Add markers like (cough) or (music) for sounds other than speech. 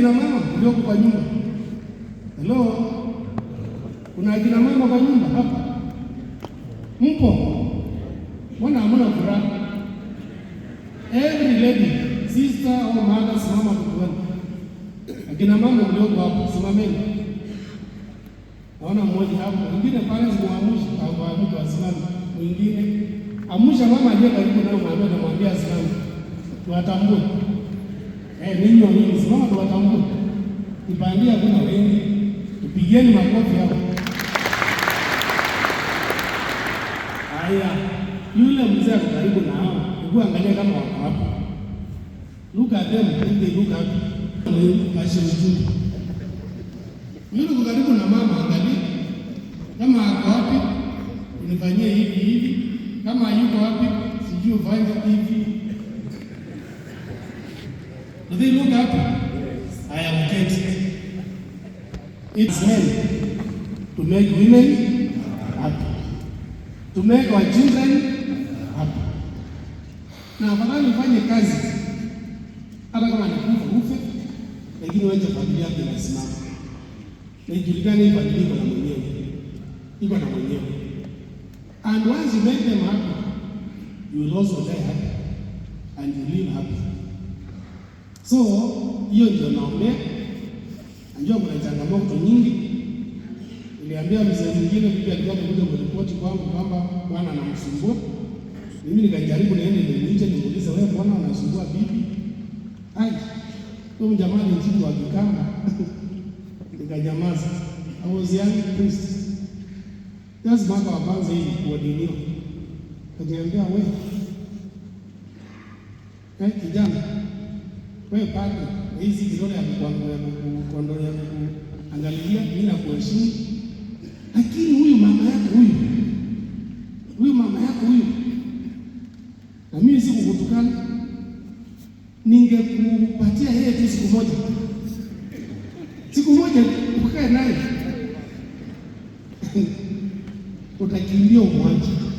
akina mama mlioko kwa nyumba, hello, kuna akina mama kwa nyumba hapa? Mpo? Mbona hamna furaha? Every lady sister au mother, simama tukuone. Akina mama mlioko hapo simameni. Naona mmoja hapo, mwingine pale zimuamushi aamke wasimame, mwingine amusha mama aliye karibu naye, mwambie na asimame, tuwatambue Eh, wengi ninyi wengi simama, tuwatambue. Nipandia kuna wengi, tupigieni makofi hapo. Aya, yule mzee ako karibu na hao, hebu angalia kama wako hapo. Luka atee mpige Luka kashe mzuri. Yule ko karibu na mama, angalia kama ako wapi, unifanyie hivi hivi, kama yuko wapi sijui, ufanye hivi Do they look Nadhani I am dead. It's men to make women happy. To make our children happy. Na afadhali ufanye kazi hata kama nikufa ufe, lakini wache familia yako inasimama. Na ijulikane hii familia iko na mwenyewe. Iko na mwenyewe. And once you make them happy, you will also die happy and you live happy. So hiyo ndio naombea. Najua kuna changamoto nyingi. Niliambia mzee mwingine mimi alikuwa amekuja kuripoti kwangu kwamba bwana anamsumbua. Mimi nikajaribu niende nimuite nimuulize, wewe bwana unasumbua bibi? Ai. Kwa jamaa ni mtu wa Kikamba. (laughs) Nikanyamaza. I was young priest. That's mwaka wa kwanza hivi kuadiniwa. Kaniambia wewe. Eh, kijana wewe pande hizi kidogo ya kukondoa ya kuangalilia, mimi na kuheshimu, lakini huyu mama yako huyu huyu mama yako huyu, na mimi sikukutukana, ningekupatia yeye tu siku moja, siku moja ukae naye (laughs) utakimbia umwache.